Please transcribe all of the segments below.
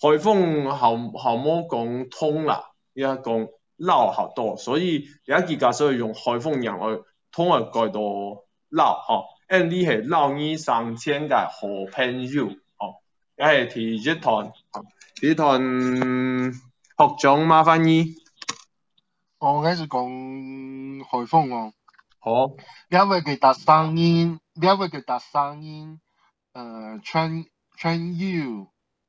海風好好冇講通啦，而家講撈好多，所以有一句話需要用海風人去通下改多撈，嗬、啊。咁你係撈你上千嘅好朋友，好一係團隊，團隊學長麻煩你。我開始講海風哦。好。因位佢大聲啲，因位佢大聲啲，誒、呃，穿穿住。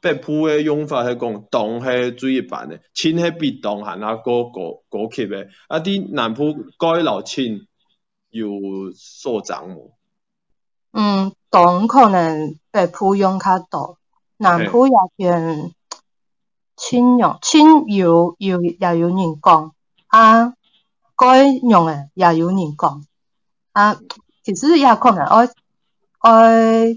北埔嘅用法係講糖係最一辦嘅，錢係比糖行下高高級嘅。啊，啲南埔改老錢有少賺喎。嗯，糖可能北埔用較多，南埔也見錢用錢要有也有人講啊，改用嘅也有人講啊，其實也可能我我。我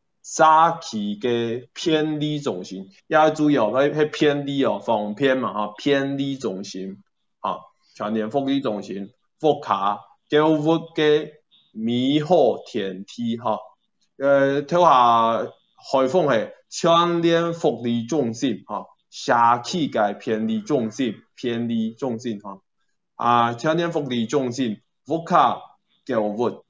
社區個便利中心，也主要喺喺便利哦、啊，方便嘛哈，便利中心，哈，全聯福利中心，屋下，購物嘅美好天地哈，呃，睇下開放係全聯福利中心哈，社區個便利中心，便利中心哈，啊，全聯福利中心，屋下購、啊呃啊、福。啊